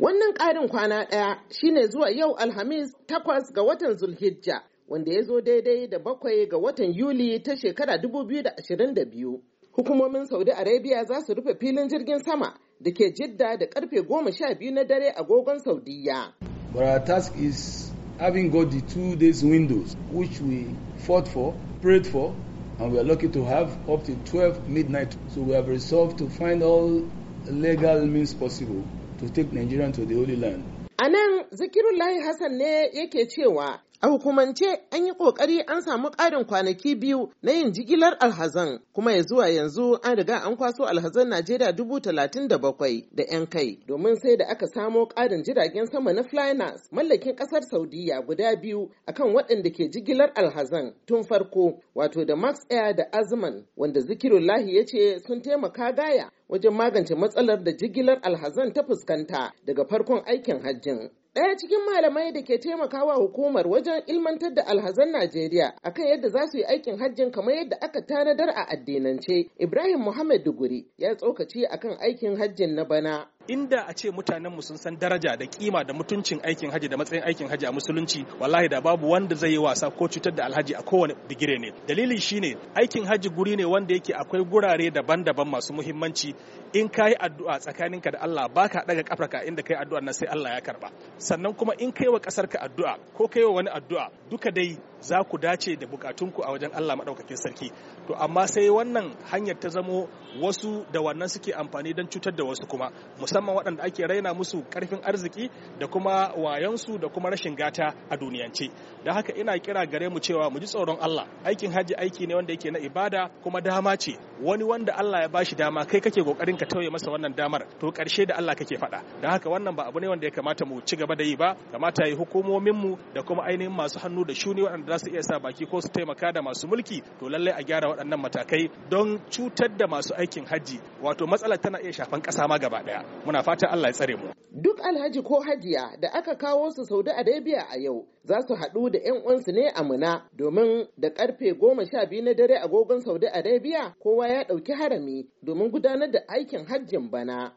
Wannan ƙarin kwana ɗaya shine zuwa yau Alhamis takwas ga watan Zulhijja, wanda ya zo daidai da bakwai ga watan Yuli ta shekara 2022. Hukumomin Saudi Arabia za su rufe filin jirgin sama da ke jidda da karfe goma sha biyu na dare agogon Saudiya. But our task is having got the two days windows which we fought for, prayed for, and we are lucky to have up to 12 midnight. So we have resolved to find all legal means possible to take Nigerian to the Holy Land. A nan Zikirullahi Hassan ne yake cewa A hukumance an yi ƙoƙari an samu ƙarin kwanaki biyu na yin jigilar alhazan kuma ya zuwa yanzu an riga an kwaso alhazan Najeriya dubu talatin da bakwai da 'yan kai domin sai da aka samo ƙarin jiragen sama na Flynas mallakin ƙasar Saudiya guda biyu akan waɗanda ke jigilar alhazan tun farko wato da Max Air da Azman wanda Zikirullahi ya ce sun taimaka gaya wajen magance matsalar da jigilar alhazan ta fuskanta daga farkon aikin hajjin. Ɗaya cikin malamai da ke taimakawa hukumar wajen ilmantar da alhazan Najeriya akan yadda za su yi aikin hajjin kamar yadda aka tanadar a addinance, Ibrahim Muhammad Duguri ya tsokaci akan aikin hajjin na bana. inda a ce mutanen mu sun san daraja da kima da mutuncin aikin haji da matsayin aikin haji a musulunci wallahi da babu wanda zai yi wasa ko cutar da alhaji a kowane digire ne dalili shine aikin haji guri ne wanda yake akwai gurare daban-daban masu muhimmanci in ka yi addu'a tsakaninka da Allah baka daga kafarka inda kai addu'a nan sai Allah ya karba sannan kuma in kai wa kasarka addu'a ko kai wa wani addu'a duka dai za ku dace da bukatunku a wajen Allah maɗaukakin sarki to amma sai wannan hanyar ta zamo wasu da wannan suke amfani don cutar da wasu kuma musamman waɗanda ake raina musu ƙarfin arziki da kuma wayansu, da kuma rashin gata a duniyance don haka ina kira gare mu cewa mu ji tsoron Allah aikin hajji aiki ne wanda yake na ibada kuma dama ce wani wanda Allah ya bashi dama kai kake kokarin ka tauye masa wannan damar to karshe da Allah kake faɗa don haka wannan ba abu ne wanda ya kamata mu ci gaba da yi ba kamata yi hukumomin mu da kuma ainihin masu hannu da shuni waɗanda za su iya sa baki ko su taimaka da masu mulki to lallai a gyara waɗannan matakai don cutar da masu aikin hajji wato matsalar tana iya shafan ƙasa ma gaba ɗaya muna fatan Allah ya tsare mu duk alhaji ko hajiya da aka kawo su Saudi Arabia a yau za su haɗu da 'yan uwansu ne a Muna domin da karfe goma sha biyu na dare agogon Saudi Arabia kowa kowa ya ɗauki harami domin gudanar da aikin hajjin bana.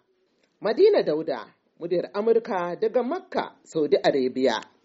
Madina Dauda, muryar Amurka daga Makka, Saudi Arabia.